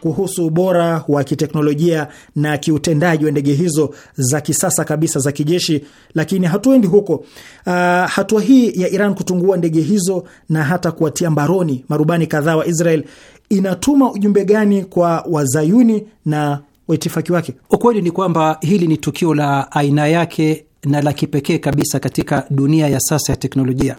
kuhusu ubora wa kiteknolojia na kiutendaji wa ndege hizo za kisasa kabisa za kijeshi, lakini hatuendi huko. Uh, hatua hii ya Iran kutungua ndege hizo na hata kuwatia mbaroni marubani kadhaa wa Israel inatuma ujumbe gani kwa wazayuni na waitifaki wake? Ukweli ni kwamba hili ni tukio la aina yake na la kipekee kabisa katika dunia ya sasa ya teknolojia.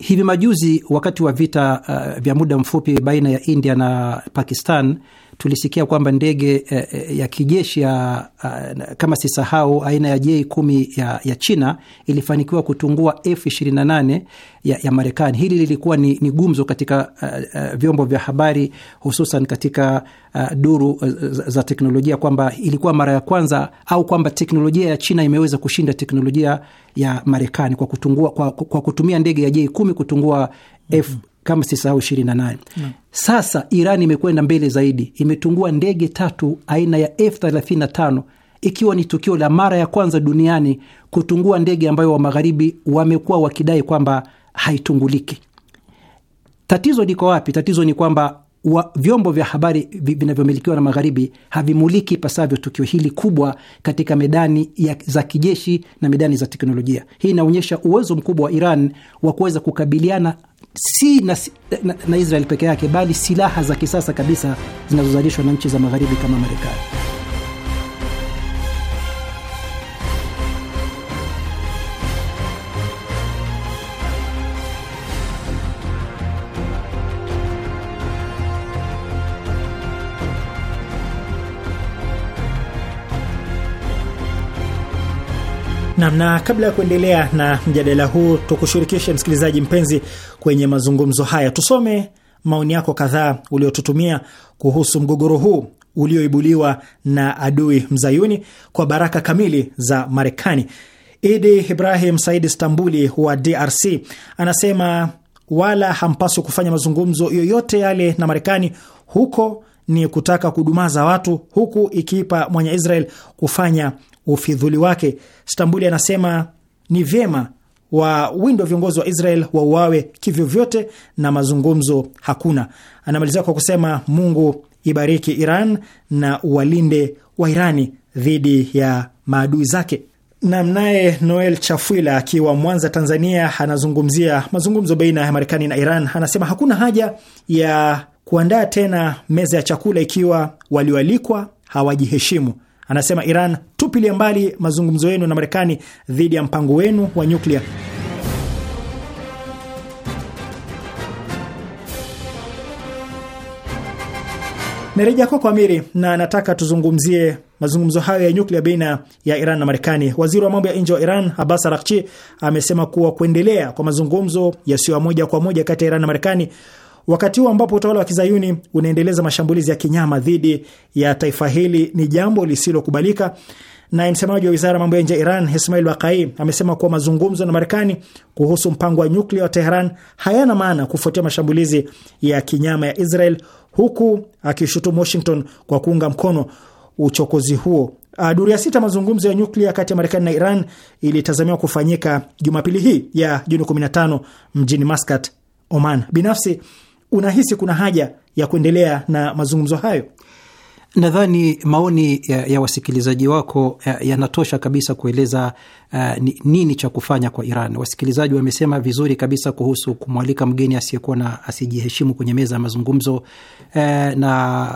Hivi majuzi wakati wa vita uh, vya muda mfupi baina ya India na Pakistan tulisikia kwamba ndege eh, eh, ya kijeshi ya eh, kama sisahau aina ya J kumi ya, ya China ilifanikiwa kutungua F 28 ya, ya Marekani. Hili lilikuwa ni, ni gumzo katika uh, vyombo vya habari hususan katika uh, duru za, za teknolojia kwamba ilikuwa mara ya kwanza au kwamba teknolojia ya China imeweza kushinda teknolojia ya Marekani kwa kwa, kwa kutumia ndege ya J kumi kutungua F kama sisahau ishirini na nane. Sasa Iran imekwenda mbele zaidi, imetungua ndege tatu aina ya F35 ikiwa ni tukio la mara ya kwanza duniani kutungua ndege ambayo wa magharibi wamekuwa wakidai kwamba haitunguliki. Tatizo liko wapi? Tatizo ni kwamba wa vyombo vya habari vinavyomilikiwa na magharibi havimuliki pasavyo tukio hili kubwa katika medani ya, za kijeshi na medani za teknolojia. Hii inaonyesha uwezo mkubwa wa Iran wa kuweza kukabiliana si na, na, na Israel peke yake, bali silaha za kisasa kabisa zinazozalishwa na nchi za magharibi kama Marekani. Naam, na kabla ya kuendelea na mjadala huu, tukushirikishe msikilizaji mpenzi kwenye mazungumzo haya. Tusome maoni yako kadhaa uliotutumia kuhusu mgogoro huu ulioibuliwa na adui mzayuni kwa baraka kamili za Marekani. Idi Ibrahim Said Stambuli wa DRC anasema wala hampaswi kufanya mazungumzo yoyote yale na Marekani, huko ni kutaka kudumaza watu, huku ikiipa mwenye Israel kufanya ufidhuli wake. Stambuli anasema ni vyema wawindwa viongozi wa Israel wauawe kivyovyote na mazungumzo hakuna. Anamalizia kwa kusema Mungu ibariki Iran na uwalinde wa Irani dhidi ya maadui zake. Namnaye Noel Chafwila akiwa Mwanza, Tanzania, anazungumzia mazungumzo baina ya Marekani na Iran. Anasema hakuna haja ya kuandaa tena meza ya chakula ikiwa walioalikwa hawajiheshimu. Anasema Iran tupilie mbali mazungumzo yenu na Marekani dhidi ya mpango wenu wa nyuklia. Nareja kwako Amiri, na nataka tuzungumzie mazungumzo hayo ya nyuklia baina ya Iran na Marekani. Waziri wa mambo ya nje wa Iran Abbas Araghchi amesema kuwa kuendelea kwa mazungumzo yasiyo ya moja kwa moja kati ya Iran na Marekani wakati huu ambapo utawala wa kizayuni unaendeleza mashambulizi ya kinyama dhidi ya taifa hili ni jambo lisilokubalika Naye msemaji wa wizara ya mambo ya nje ya Iran Ismail Bakai amesema kuwa mazungumzo na Marekani kuhusu mpango wa nyuklia wa Teheran hayana maana kufuatia mashambulizi ya kinyama ya Israel, huku akishutumu Washington kwa kuunga mkono uchokozi huo. Ah, duru ya sita mazungumzo ya nyuklia kati ya Marekani na Iran ilitazamiwa kufanyika Jumapili hii ya Juni 15 mjini Maskat, Oman. Binafsi unahisi kuna haja ya kuendelea na mazungumzo hayo? Nadhani maoni ya, ya wasikilizaji wako yanatosha ya kabisa kueleza uh, nini cha kufanya kwa Iran. Wasikilizaji wamesema vizuri kabisa kuhusu kumwalika mgeni asiyekuwa na asijiheshimu kwenye meza ya mazungumzo uh, na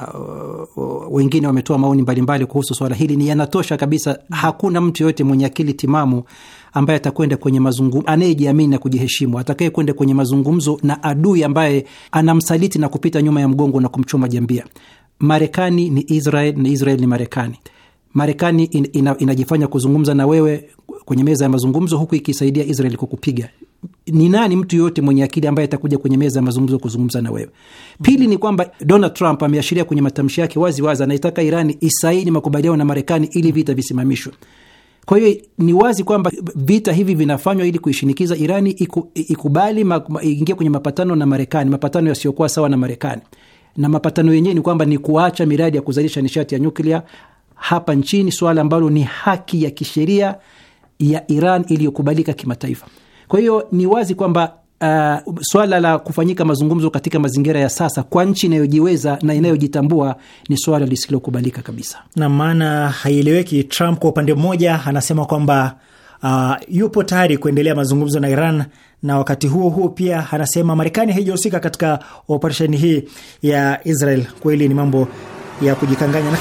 uh, wengine wametoa maoni mbalimbali kuhusu swala hili. Ni yanatosha kabisa. Hakuna mtu yoyote mwenye akili timamu ambaye atakwenda kwenye mazungumzo, anayejiamini na kujiheshimu, atakaye kwenda kwenye mazungumzo na adui ambaye anamsaliti na kupita nyuma ya mgongo na kumchoma jambia. Marekani ni Israel na Israel ni Marekani. Marekani in, ina, inajifanya kuzungumza na wewe kwenye meza ya mazungumzo huku ikisaidia Israel kukupiga. Ni nani mtu yoyote mwenye akili ambaye atakuja kwenye meza ya mazungumzo kuzungumza na wewe? Pili ni kwamba Donald Trump ameashiria kwenye matamshi yake wazi wazi, anaitaka Irani isaini makubaliano na Marekani ili vita visimamishwe. Kwa hiyo ni wazi kwamba vita hivi vinafanywa ili kuishinikiza Irani iku, ikubali ingia kwenye mapatano na Marekani, mapatano yasiyokuwa sawa na Marekani na mapatano yenyewe ni kwamba ni kuacha miradi ya kuzalisha nishati ya nyuklia hapa nchini, suala ambalo ni haki ya kisheria ya Iran iliyokubalika kimataifa. Kwa hiyo ni wazi kwamba Uh, swala la kufanyika mazungumzo katika mazingira ya sasa kwa nchi inayojiweza na inayojitambua ni swala lisilokubalika kabisa, na maana haieleweki. Trump kwa upande mmoja anasema kwamba uh, yupo tayari kuendelea mazungumzo na Iran na wakati huo huo pia anasema Marekani haijahusika katika operesheni hii ya Israel. Kweli ni mambo ya kujikanganya.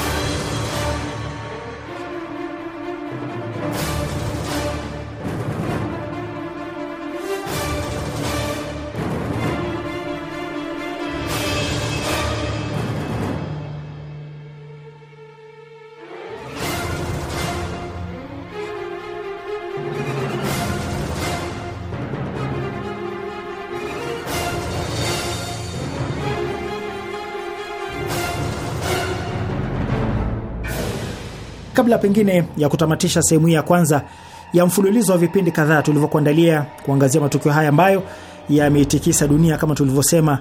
Kabla pengine ya kutamatisha sehemu hii ya kwanza ya mfululizo wa vipindi kadhaa tulivyokuandalia kuangazia matukio haya ambayo yameitikisa dunia kama tulivyosema,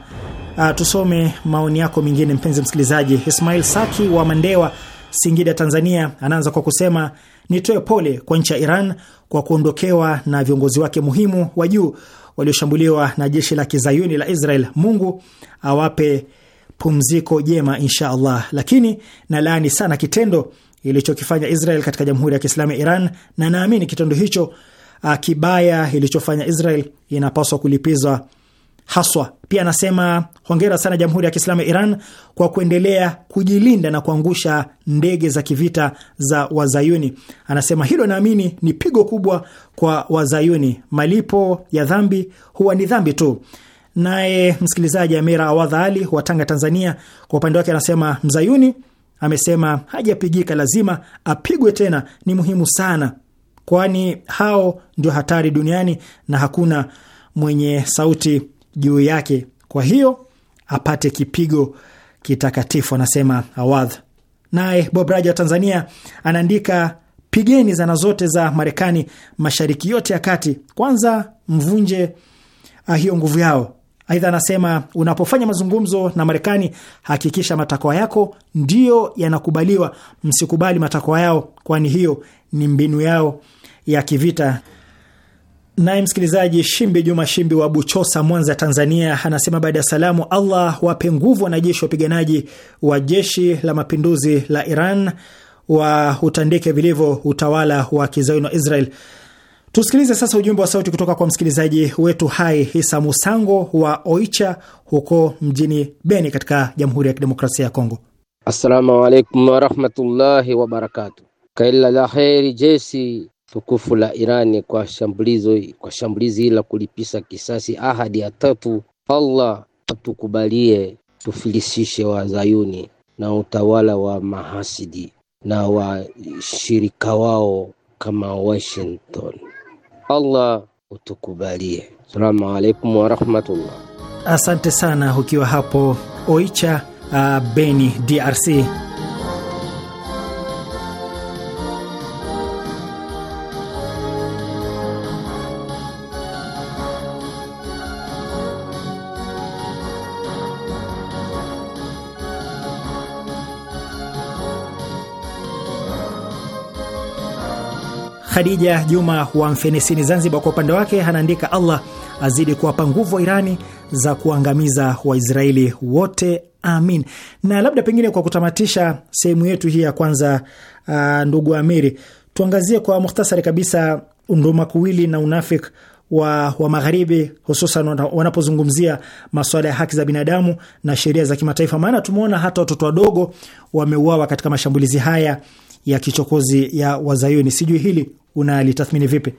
uh, tusome maoni yako mengine, mpenzi msikilizaji. Ismail Saki wa Mandewa, Singida, Tanzania, anaanza kwa kusema nitoe pole kwa nchi ya Iran kwa kuondokewa na viongozi wake muhimu wa juu walioshambuliwa na jeshi la kizayuni la Israel. Mungu awape pumziko jema, insha Allah, lakini nalaani sana kitendo ilichokifanya Israel katika Jamhuri ya Kiislamu ya Iran, na naamini kitendo hicho ah, kibaya ilichofanya Israel inapaswa kulipizwa haswa. Pia anasema hongera sana Jamhuri ya Kiislamu ya Iran kwa kuendelea kujilinda na kuangusha ndege za kivita za Wazayuni. Anasema hilo naamini ni pigo kubwa kwa Wazayuni, malipo ya dhambi huwa ni dhambi tu. Naye msikilizaji Amira Awadha Ali wa Tanga, Tanzania, kwa upande wake anasema mzayuni amesema hajapigika, lazima apigwe tena, ni muhimu sana, kwani hao ndio hatari duniani na hakuna mwenye sauti juu yake, kwa hiyo apate kipigo kitakatifu, anasema Awadh. Naye Bob Raja wa Tanzania anaandika pigeni zana zote za Marekani mashariki yote ya kati, kwanza mvunje ah, hiyo nguvu yao Aidha anasema unapofanya mazungumzo na Marekani, hakikisha matakwa yako ndiyo yanakubaliwa, msikubali matakwa yao, kwani hiyo ni mbinu yao ya kivita. Naye msikilizaji Shimbi Juma Shimbi wa Buchosa, Mwanza, Tanzania, anasema baada ya salamu, Allah wape nguvu wanajeshi wapiganaji wa jeshi la mapinduzi la Iran, wa utandike vilivyo utawala wa kizayuni wa Israel. Tusikilize sasa ujumbe wa sauti kutoka kwa msikilizaji wetu hai Isa Musango wa Oicha huko mjini Beni katika Jamhuri ya Kidemokrasia ya Kongo. Assalamu alaikum warahmatullahi wabarakatu. Kaila la heri jeshi tukufu la Irani kwa shambulizi kwa shambulizi la kulipisa kisasi. Ahadi ya tatu, Allah atukubalie tufilisishe wazayuni na utawala wa mahasidi na washirika wao kama Washington. Allah utukubalie. Assalamu alaikum warahmatullah. Asante sana ukiwa hapo Oicha, uh, Beni, DRC. Khadija Juma wa Mfenesini, Zanzibar, kwa upande wake anaandika, Allah azidi kuwapa nguvu wa Irani za kuangamiza Waisraeli wote, amin. Na labda pengine kwa kutamatisha sehemu yetu hii ya kwanza, uh, ndugu Amiri, tuangazie kwa muhtasari kabisa ndumakuwili na unafik wa, wa magharibi hususan wanapozungumzia masuala ya haki za binadamu na sheria za kimataifa. Maana tumeona hata watoto wadogo wameuawa katika mashambulizi haya ya kichokozi ya Wazayuni. Sijui hili unalitathmini vipi?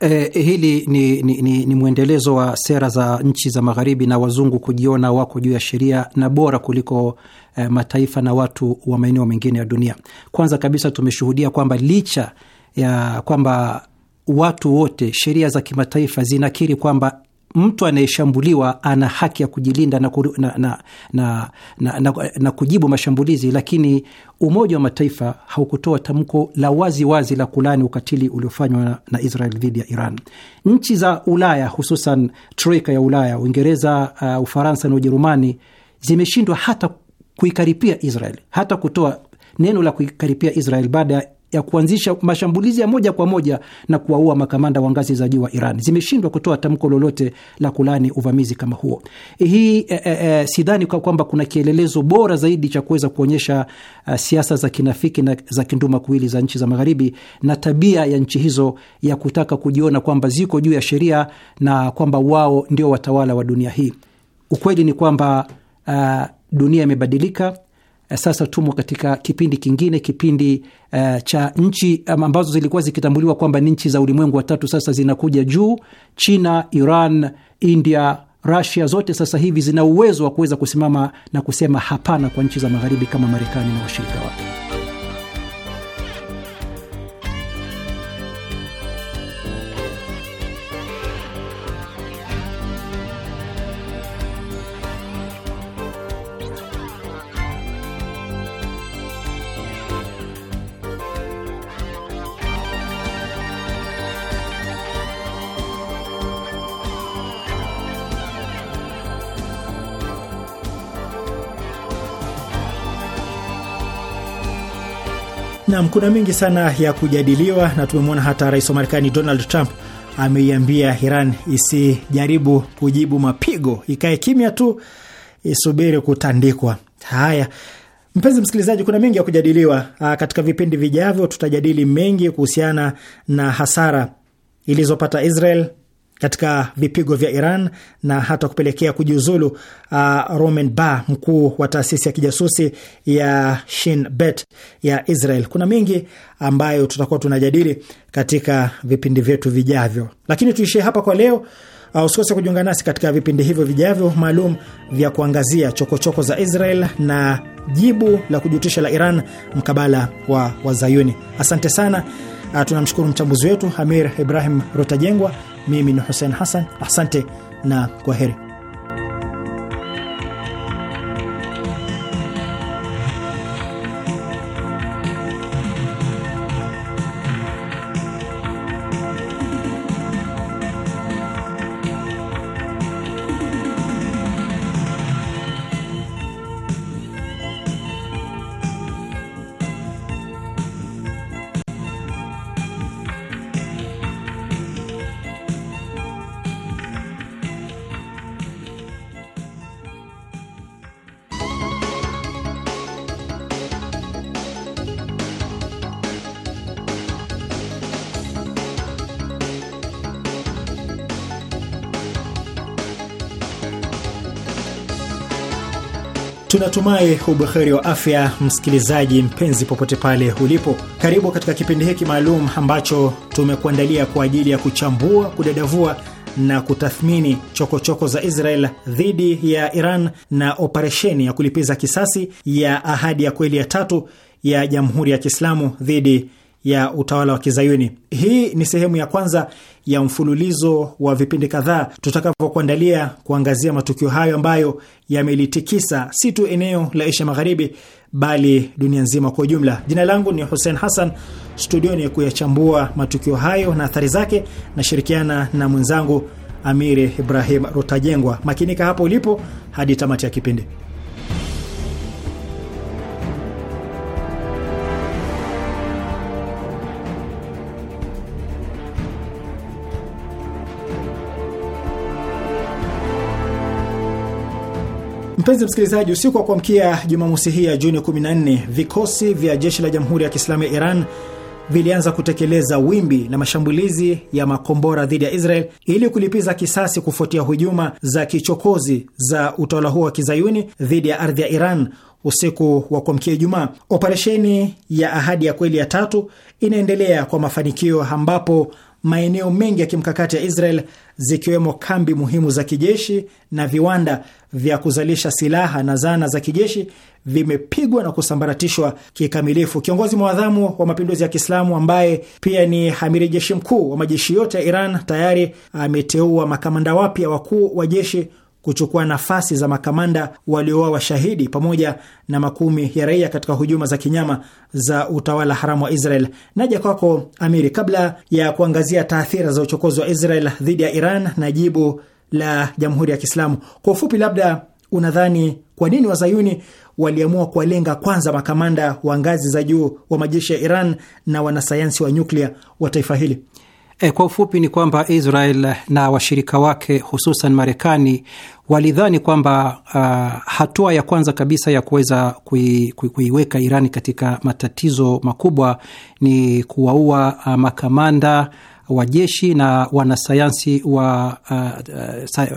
Eh, eh, hili ni, ni, ni, ni mwendelezo wa sera za nchi za magharibi na wazungu kujiona wako juu ya sheria na bora kuliko eh, mataifa na watu wa maeneo mengine ya dunia. Kwanza kabisa tumeshuhudia kwamba licha ya kwamba watu wote sheria za kimataifa zinakiri kwamba mtu anayeshambuliwa ana haki ya kujilinda na, na, na, na, na, na, na kujibu mashambulizi, lakini Umoja wa Mataifa haukutoa tamko la wazi wazi la kulani ukatili uliofanywa na Israel dhidi ya Iran. Nchi za Ulaya hususan troika ya Ulaya, Uingereza, uh, Ufaransa na Ujerumani zimeshindwa hata kuikaripia Israel, hata kutoa neno la kuikaripia Israel baada ya kuanzisha mashambulizi ya moja kwa moja na kuwaua makamanda wa ngazi za juu wa Iran zimeshindwa kutoa tamko lolote la kulani uvamizi kama huo. Eh, hii e, e, sidhani kwa kwamba kuna kielelezo bora zaidi cha kuweza kuonyesha uh, siasa za kinafiki na za kinduma kuwili za nchi za Magharibi na tabia ya nchi hizo ya kutaka kujiona kwamba ziko juu ya sheria na kwamba wao ndio watawala wa dunia hii. Ukweli ni kwamba uh, dunia imebadilika Eh, sasa tumo katika kipindi kingine, kipindi uh, cha nchi eh, ambazo zilikuwa zikitambuliwa kwamba ni nchi za ulimwengu wa tatu, sasa zinakuja juu. China, Iran, India, Rasia zote sasa hivi zina uwezo wa kuweza kusimama na kusema hapana kwa nchi za magharibi kama Marekani na washirika wake. Naam, kuna mengi sana ya kujadiliwa na tumemwona hata rais wa Marekani Donald Trump ameiambia Iran isijaribu kujibu mapigo, ikae kimya tu isubiri kutandikwa. Haya, mpenzi msikilizaji, kuna mengi ya kujadiliwa. Ah, katika vipindi vijavyo, tutajadili mengi kuhusiana na hasara ilizopata Israel katika vipigo vya Iran na hata kupelekea kujiuzulu uh, Roman Bar, mkuu wa taasisi ya kijasusi ya Shin Bet ya Israel. Kuna mengi ambayo tutakuwa tunajadili katika vipindi vyetu vijavyo, lakini tuishie hapa kwa leo. Uh, usikose kujiunga nasi katika vipindi hivyo vijavyo maalum vya kuangazia chokochoko choko za Israel na jibu la kujutisha la Iran mkabala wa Wazayuni. Asante sana. Uh, tunamshukuru mchambuzi wetu Amir Ibrahim Rutajengwa mimi ni Hussein Hassan, asante na kwa heri. Ninatumai ubuheri wa afya, msikilizaji mpenzi, popote pale ulipo. Karibu katika kipindi hiki maalum ambacho tumekuandalia kwa ajili ya kuchambua, kudadavua na kutathmini chokochoko choko za Israel dhidi ya Iran na operesheni ya kulipiza kisasi ya Ahadi ya Kweli ya Tatu ya Jamhuri ya Kiislamu dhidi ya utawala wa Kizayuni. Hii ni sehemu ya kwanza ya mfululizo wa vipindi kadhaa tutakavyokuandalia kuangazia matukio hayo ambayo yamelitikisa si tu eneo la Asia Magharibi bali dunia nzima kwa ujumla. Jina langu ni Hussein Hassan, studioni kuyachambua matukio hayo na athari zake, nashirikiana na mwenzangu Amiri Ibrahim Rutajengwa. Makinika hapo ulipo hadi tamati ya kipindi. Mpenzi msikilizaji, usiku wa kuamkia Jumamosi hii ya Juni 14 vikosi vya jeshi la Jamhuri ya Kiislamu ya Iran vilianza kutekeleza wimbi la mashambulizi ya makombora dhidi ya Israel ili kulipiza kisasi kufuatia hujuma za kichokozi za utawala huo wa kizayuni dhidi ya ardhi ya Iran usiku wa kuamkia Ijumaa. Operesheni ya Ahadi ya Kweli ya tatu inaendelea kwa mafanikio ambapo maeneo mengi ya kimkakati ya Israel zikiwemo kambi muhimu za kijeshi na viwanda vya kuzalisha silaha na zana za kijeshi vimepigwa na kusambaratishwa kikamilifu. Kiongozi mwadhamu wa mapinduzi ya Kiislamu ambaye pia ni amiri jeshi mkuu wa majeshi yote ya Iran tayari ameteua makamanda wapya wakuu wa jeshi kuchukua nafasi za makamanda walioa washahidi pamoja na makumi ya raia katika hujuma za kinyama za utawala haramu wa Israel. Naja kwako Amiri, kabla ya kuangazia taathira za uchokozi wa Israel dhidi ya Iran na jibu la Jamhuri ya Kiislamu, kwa ufupi, labda unadhani kwa nini wazayuni waliamua kuwalenga kwanza makamanda wa ngazi za juu wa majeshi ya Iran na wanasayansi wa nyuklia wa taifa hili? E, kwa ufupi ni kwamba Israel na washirika wake hususan Marekani walidhani kwamba uh, hatua ya kwanza kabisa ya kuweza kui, kui, kuiweka Irani katika matatizo makubwa ni kuwaua uh, makamanda wa jeshi na wanasayansi wa uh,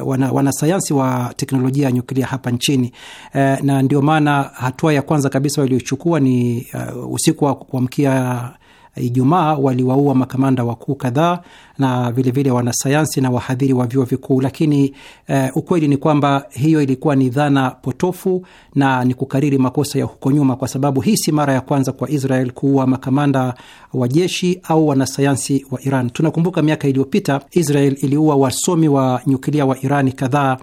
uh wana, wanasayansi wa teknolojia ya nyuklia hapa nchini uh, na ndio maana hatua ya kwanza kabisa waliochukua ni uh, usiku wa kuamkia Ijumaa waliwaua makamanda wakuu kadhaa na vilevile wanasayansi na wahadhiri wa vyuo vikuu, lakini eh, ukweli ni kwamba hiyo ilikuwa ni dhana potofu na ni kukariri makosa ya huko nyuma, kwa sababu hii si mara ya kwanza kwa Israel kuua makamanda wa jeshi au wanasayansi wa Iran. Tunakumbuka miaka iliyopita Israel iliua wasomi wa nyuklia wa Irani kadhaa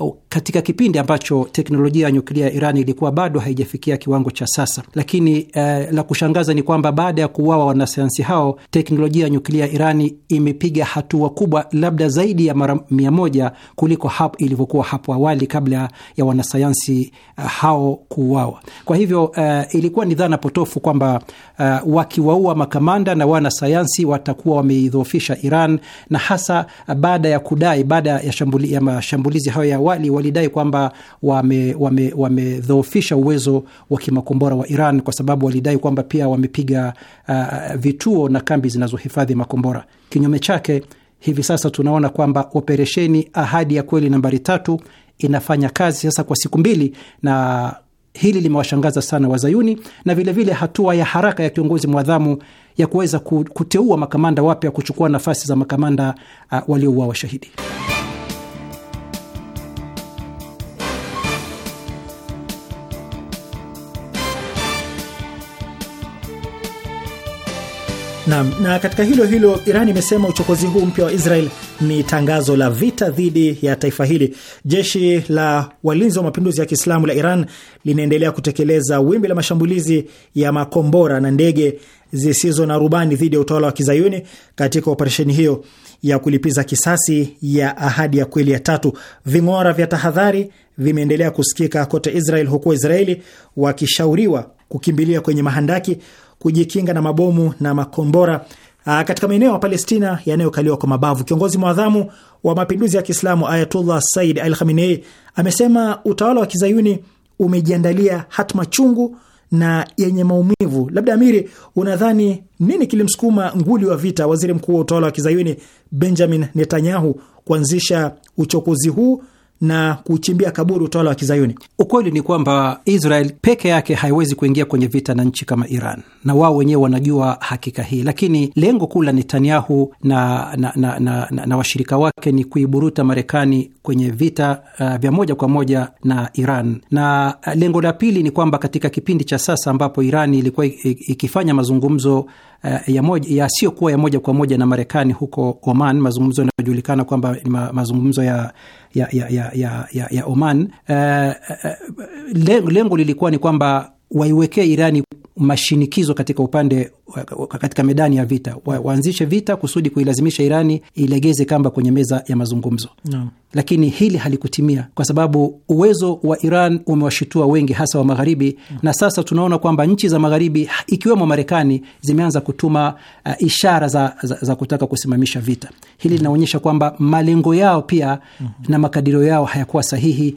uh, katika kipindi ambacho teknolojia ya nyuklia ya Irani ilikuwa bado haijafikia kiwango cha sasa. Lakini uh, la kushangaza ni kwamba baada ya kuuawa wanasayansi hao, teknolojia ya nyuklia ya Irani imepiga hatua kubwa, labda zaidi ya mara mia moja kuliko hapo ilivyokuwa hapo awali kabla ya wanasayansi eh, hao kuuawa. Kwa hivyo uh, ilikuwa ni dhana potofu kwamba uh, wakiwaua makamanda na wanasayansi watakuwa wameidhoofisha Iran, na hasa baada ya kudai, baada ya, shambuli, ya mashambulizi hayo ya awali walidai kwamba wamedhoofisha wame, wame uwezo wa kimakombora wa Iran kwa sababu walidai kwamba pia wamepiga uh, vituo na kambi zinazohifadhi makombora. Kinyume chake, hivi sasa tunaona kwamba operesheni Ahadi ya Kweli nambari tatu inafanya kazi sasa kwa siku mbili, na hili limewashangaza sana Wazayuni na vilevile vile hatua ya haraka ya kiongozi mwadhamu ya kuweza kuteua makamanda wapya kuchukua nafasi za makamanda uh, waliouawa washahidi. Naam, na katika hilo hilo Iran imesema uchokozi huu mpya wa Israel ni tangazo la vita dhidi ya taifa hili. Jeshi la walinzi wa mapinduzi ya Kiislamu la Iran linaendelea kutekeleza wimbi la mashambulizi ya makombora na ndege zisizo na rubani dhidi ya utawala wa Kizayuni katika operesheni hiyo ya kulipiza kisasi ya ahadi ya kweli ya tatu. Ving'ora vya tahadhari vimeendelea kusikika kote Israel, huku Waisraeli wakishauriwa kukimbilia kwenye mahandaki kujikinga na mabomu na makombora aa, ah, katika maeneo ya Palestina yanayokaliwa kwa mabavu. Kiongozi mwadhamu wa mapinduzi ya Kiislamu Ayatullah Said Al Khamenei amesema utawala wa kizayuni umejiandalia hatma chungu na yenye maumivu. Labda Amiri, unadhani nini kilimsukuma nguli wa vita, waziri mkuu wa utawala wa kizayuni Benjamin Netanyahu kuanzisha uchokozi huu na kuchimbia kaburi utawala wa Kizayuni. Ukweli ni kwamba Israel peke yake haiwezi kuingia kwenye vita na nchi kama Iran, na wao wenyewe wanajua hakika hii, lakini lengo kuu la Netanyahu na, na, na, na, na, na washirika wake ni kuiburuta Marekani kwenye vita uh, vya moja kwa moja na Iran, na uh, lengo la pili ni kwamba katika kipindi cha sasa ambapo Iran ilikuwa ikifanya mazungumzo uh, ya moja, yasiyokuwa ya moja kwa moja na Marekani huko Oman, mazungumzo yanayojulikana kwamba ni ma, mazungumzo ya ya, ya, ya, ya, ya Oman. Uh, lengo lilikuwa ni kwamba waiwekee Irani mashinikizo katika upande katika medani ya vita wa, waanzishe vita kusudi kuilazimisha Irani ilegeze kamba kwenye meza ya mazungumzo no. Lakini hili halikutimia kwa sababu uwezo wa Iran umewashitua wengi, hasa wa Magharibi no. Na sasa tunaona kwamba nchi za Magharibi ikiwemo Marekani zimeanza kutuma uh, ishara za, za, za kutaka kusimamisha vita. Hili linaonyesha kwamba malengo yao pia no. na makadirio yao hayakuwa sahihi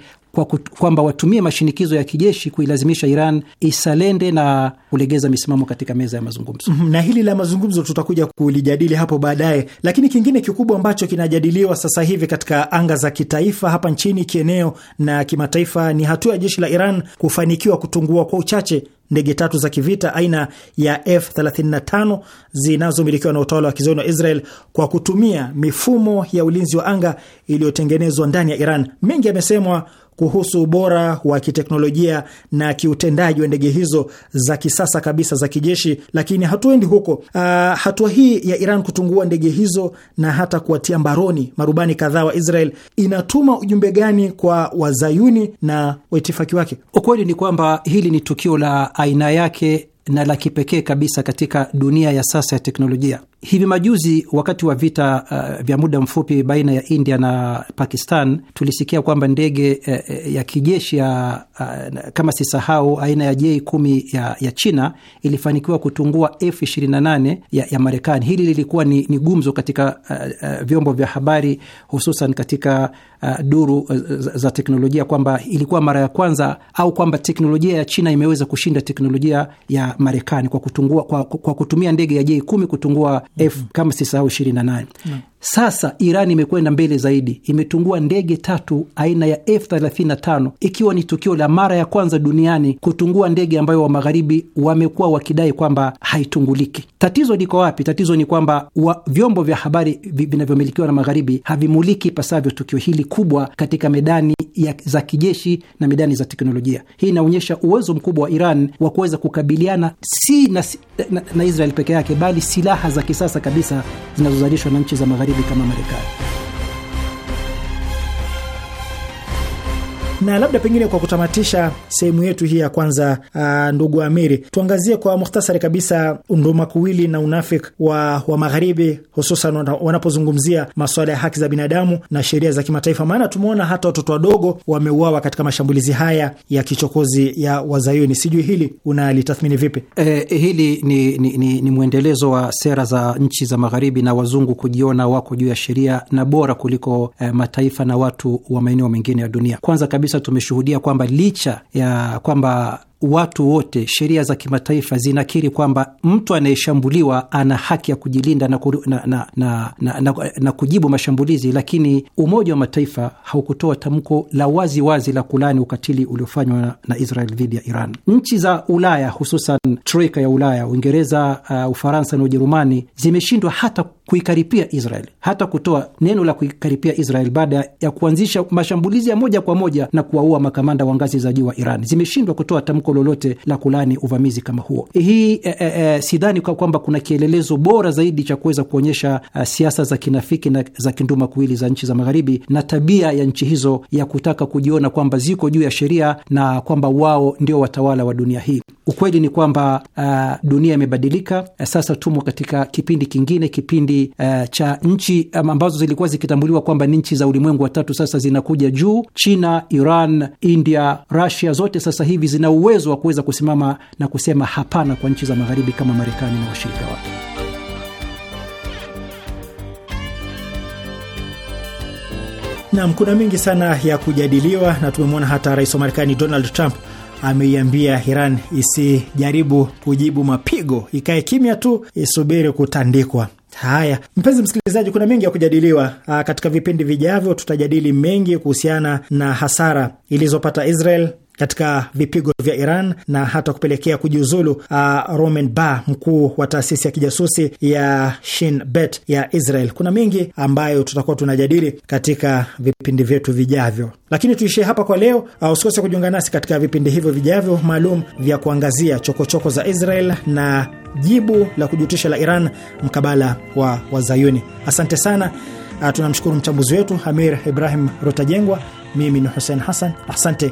kwamba kwa watumie mashinikizo ya kijeshi kuilazimisha Iran isalende na kulegeza misimamo katika meza ya mazungumzo. Mm -hmm, na hili la mazungumzo tutakuja kulijadili hapo baadaye, lakini kingine kikubwa ambacho kinajadiliwa sasa hivi katika anga za kitaifa hapa nchini, kieneo na kimataifa ni hatua ya jeshi la Iran kufanikiwa kutungua kwa uchache ndege tatu za kivita aina ya F35 zinazomilikiwa na utawala wa kizayuni wa Israel kwa kutumia mifumo ya ulinzi wa anga iliyotengenezwa ndani ya Iran. Mengi yamesemwa kuhusu ubora wa kiteknolojia na kiutendaji wa ndege hizo za kisasa kabisa za kijeshi, lakini hatuendi huko. Uh, hatua hii ya Iran kutungua ndege hizo na hata kuwatia mbaroni marubani kadhaa wa Israel inatuma ujumbe gani kwa wazayuni na waitifaki wake? Ukweli ni kwamba hili ni tukio la aina yake na la kipekee kabisa katika dunia ya sasa ya teknolojia. Hivi majuzi wakati wa vita uh, vya muda mfupi baina ya India na Pakistan tulisikia kwamba ndege uh, ya kijeshi ya uh, kama sisahau aina ya J10 ya, ya China ilifanikiwa kutungua F28 ya, ya Marekani. Hili lilikuwa ni, ni gumzo katika uh, uh, vyombo vya habari hususan katika uh, duru uh, za teknolojia kwamba ilikuwa mara ya kwanza au kwamba teknolojia ya China imeweza kushinda teknolojia ya Marekani kwa kwa, kwa kutumia ndege ya J10 kutungua elfu kama sisahau ishirini na nane sasa Iran imekwenda mbele zaidi, imetungua ndege tatu aina ya F35 ikiwa ni tukio la mara ya kwanza duniani kutungua ndege ambayo wa magharibi wamekuwa wakidai kwamba haitunguliki. Tatizo liko wapi? Tatizo ni kwamba wa vyombo vya habari vinavyomilikiwa na magharibi havimuliki pasavyo tukio hili kubwa katika medani ya za kijeshi na medani za teknolojia. Hii inaonyesha uwezo mkubwa wa Iran wa kuweza kukabiliana si na, na, na Israel peke yake, bali silaha za kisasa kabisa zinazozalishwa na nchi za magharibi de Bikama Na labda pengine kwa kutamatisha sehemu yetu hii ya kwanza, uh, ndugu Amiri, tuangazie kwa muhtasari kabisa undumakuwili na unafiki wa, wa magharibi hususan wanapozungumzia masuala ya haki za binadamu na sheria za kimataifa, maana tumeona hata watoto wadogo wameuawa katika mashambulizi haya ya kichokozi ya Wazayuni. Sijui hili unalitathmini vipi? Eh, hili ni, ni, ni, ni mwendelezo wa sera za nchi za magharibi na wazungu kujiona wako juu ya sheria na bora kuliko eh, mataifa na watu wa maeneo mengine ya dunia. Kwanza kabisa kabisa tumeshuhudia kwamba licha ya kwamba watu wote, sheria za kimataifa zinakiri kwamba mtu anayeshambuliwa ana haki ya kujilinda na, kuru, na, na, na, na, na, na kujibu mashambulizi, lakini Umoja wa Mataifa haukutoa tamko la wazi wazi la kulani ukatili uliofanywa na, na Israel dhidi ya Iran. Nchi za Ulaya hususan troika ya Ulaya, Uingereza, uh, Ufaransa na Ujerumani zimeshindwa hata kuikaripia Israel, hata kutoa neno la kuikaripia Israel baada ya kuanzisha mashambulizi ya moja kwa moja na kuwaua makamanda wa ngazi za juu wa Iran. Zimeshindwa kutoa tamko tamko lolote la kulani uvamizi kama huo. Eh, hii e, e, sidhani kwa kwamba kuna kielelezo bora zaidi cha kuweza kuonyesha uh, siasa za kinafiki na za kinduma kuwili za nchi za Magharibi na tabia ya nchi hizo ya kutaka kujiona kwamba ziko juu ya sheria na kwamba wao ndio watawala wa dunia hii. Ukweli ni kwamba uh, dunia imebadilika. Uh, sasa tumo katika kipindi kingine, kipindi uh, cha nchi um, ambazo zilikuwa zikitambuliwa kwamba ni nchi za ulimwengu wa tatu, sasa zinakuja juu. China, Iran, India, Russia zote sasa hivi zina uwezo uwezo wa kuweza kusimama na kusema hapana kwa nchi za magharibi kama Marekani na washirika wake. Nam, kuna mengi sana ya kujadiliwa na tumemwona hata rais wa Marekani Donald Trump ameiambia Iran isijaribu kujibu mapigo, ikae kimya tu, isubiri kutandikwa. Haya, mpenzi msikilizaji, kuna mengi ya kujadiliwa. Ah, katika vipindi vijavyo tutajadili mengi kuhusiana na hasara ilizopata Israel katika vipigo vya Iran na hata kupelekea kujiuzulu uh, Roman Bar, mkuu wa taasisi ya kijasusi ya Shin Bet ya Israel. Kuna mengi ambayo tutakuwa tunajadili katika vipindi vyetu vijavyo, lakini tuishie hapa kwa leo. Uh, usikose kujiunga nasi katika vipindi hivyo vijavyo maalum vya kuangazia chokochoko choko za Israel na jibu la kujutisha la Iran mkabala wa Wazayuni. Asante sana. Uh, tunamshukuru mchambuzi wetu Amir Ibrahim Rutajengwa. Mimi ni Hussein Hassan, asante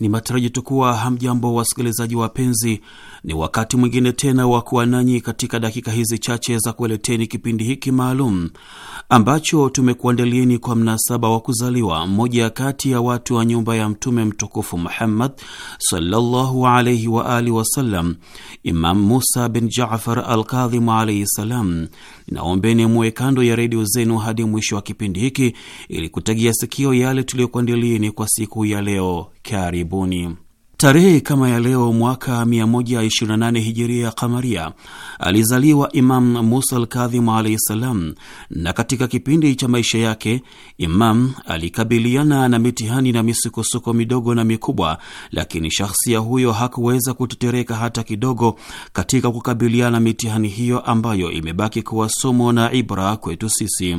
Ni matarajio tu kuwa hamjambo, wasikilizaji wapenzi. Ni wakati mwingine tena wa kuwa nanyi katika dakika hizi chache za kueleteni kipindi hiki maalum ambacho tumekuandalieni kwa mnasaba wa kuzaliwa mmoja kati ya watu wa nyumba ya Mtume mtukufu Muhammad sallallahu alaihi wa alihi wasallam, Imam Musa bin Jafar al Kadhimu alaihi salam. Naombeni muwe kando ya redio zenu hadi mwisho wa kipindi hiki ili kutegia sikio yale tuliyokuandalieni kwa siku ya leo. Karibuni. Tarehe kama ya leo mwaka 128 hijiria kamaria alizaliwa Imam Musa Alkadhimu alaihi ssalam, na katika kipindi cha maisha yake Imam alikabiliana na mitihani na misukosuko midogo na mikubwa, lakini shahsia huyo hakuweza kutetereka hata kidogo katika kukabiliana mitihani hiyo ambayo imebaki kuwa somo na ibra kwetu sisi.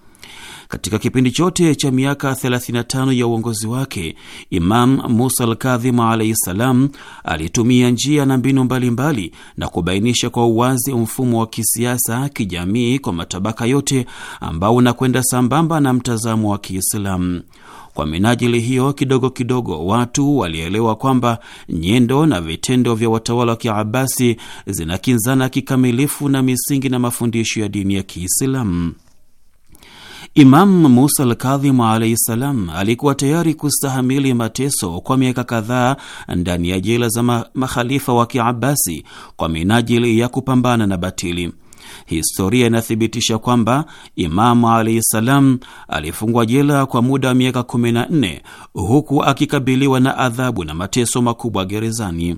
Katika kipindi chote cha miaka 35 ya uongozi wake, Imam Musa Alkadhim alaihi ssalam alitumia njia na mbinu mbalimbali mbali, na kubainisha kwa uwazi mfumo wa kisiasa, kijamii kwa matabaka yote ambao unakwenda sambamba na mtazamo wa Kiislamu. Kwa minajili hiyo, kidogo kidogo watu walielewa kwamba nyendo na vitendo vya watawala wa Kiabasi zinakinzana kikamilifu na misingi na mafundisho ya dini ya Kiislamu. Imam Musa Alkadhimu alaihi ssalam alikuwa tayari kustahamili mateso kwa miaka kadhaa ndani ya jela za makhalifa wa Kiabasi kwa minajili ya kupambana na batili. Historia inathibitisha kwamba Imamu alaihi ssalam alifungwa jela kwa muda wa miaka 14 huku akikabiliwa na adhabu na mateso makubwa gerezani.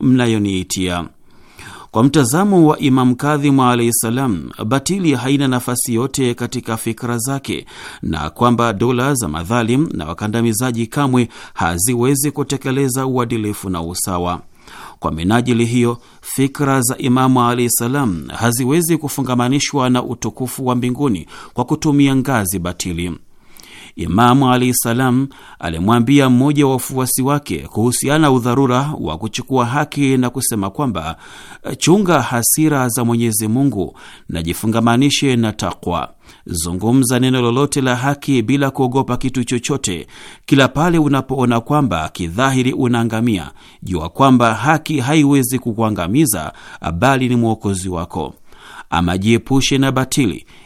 mnayoniitia. Kwa mtazamo wa Imam Kadhimu alaihi ssalam batili haina nafasi yote katika fikra zake, na kwamba dola za madhalim na wakandamizaji kamwe haziwezi kutekeleza uadilifu na usawa. Kwa minajili hiyo, fikra za Imamu alaihi salam haziwezi kufungamanishwa na utukufu wa mbinguni kwa kutumia ngazi batili. Imamu alahi salam alimwambia mmoja wa wafuasi wake kuhusiana udharura wa kuchukua haki na kusema kwamba chunga hasira za Mwenyezi Mungu na jifungamanishe na takwa. Zungumza neno lolote la haki bila kuogopa kitu chochote. Kila pale unapoona kwamba kidhahiri unaangamia, jua kwamba haki haiwezi kukuangamiza, bali ni mwokozi wako. Ama jiepushe na batili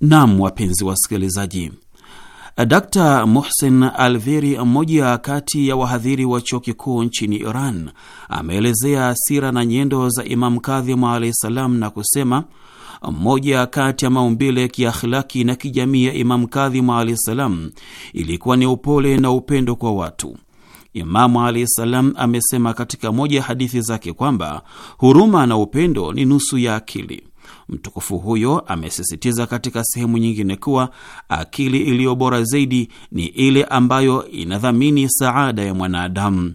Nam, wapenzi wasikilizaji, d Mohsen Alveri, mmoja kati ya wahadhiri wa chuo kikuu nchini Iran, ameelezea sira na nyendo za Imamu Kadhimu alahi salam na kusema mmoja kati ya maumbile ya kiakhlaki na kijamii ya Imamu Kadhimu alahi salam ilikuwa ni upole na upendo kwa watu. Imamu alahi salam amesema katika moja ya hadithi zake kwamba huruma na upendo ni nusu ya akili. Mtukufu huyo amesisitiza katika sehemu nyingine kuwa akili iliyo bora zaidi ni ile ambayo inadhamini saada ya mwanadamu.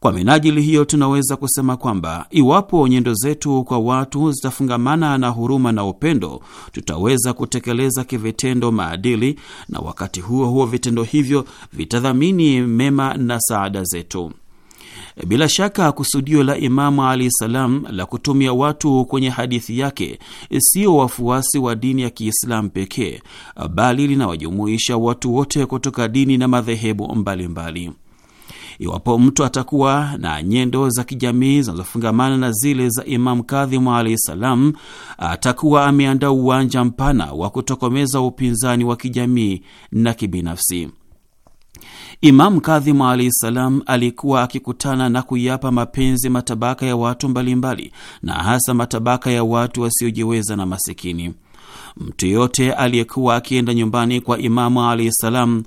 Kwa minajili hiyo, tunaweza kusema kwamba iwapo nyendo zetu kwa watu zitafungamana na huruma na upendo, tutaweza kutekeleza kivitendo maadili, na wakati huo huo vitendo hivyo vitadhamini mema na saada zetu. Bila shaka kusudio la Imamu alahi salam la kutumia watu kwenye hadithi yake sio wafuasi wa dini ya Kiislamu pekee, bali linawajumuisha watu wote kutoka dini na madhehebu mbalimbali. Iwapo mtu atakuwa na nyendo za kijamii zinazofungamana na zile za Imamu Kadhimu alahi salam, atakuwa ameandaa uwanja mpana wa kutokomeza upinzani wa kijamii na kibinafsi. Imamu Kadhimu alahi salam alikuwa akikutana na kuyapa mapenzi matabaka ya watu mbalimbali na hasa matabaka ya watu wasiojiweza na masikini. Mtu yote aliyekuwa akienda nyumbani kwa Imamu alahi salam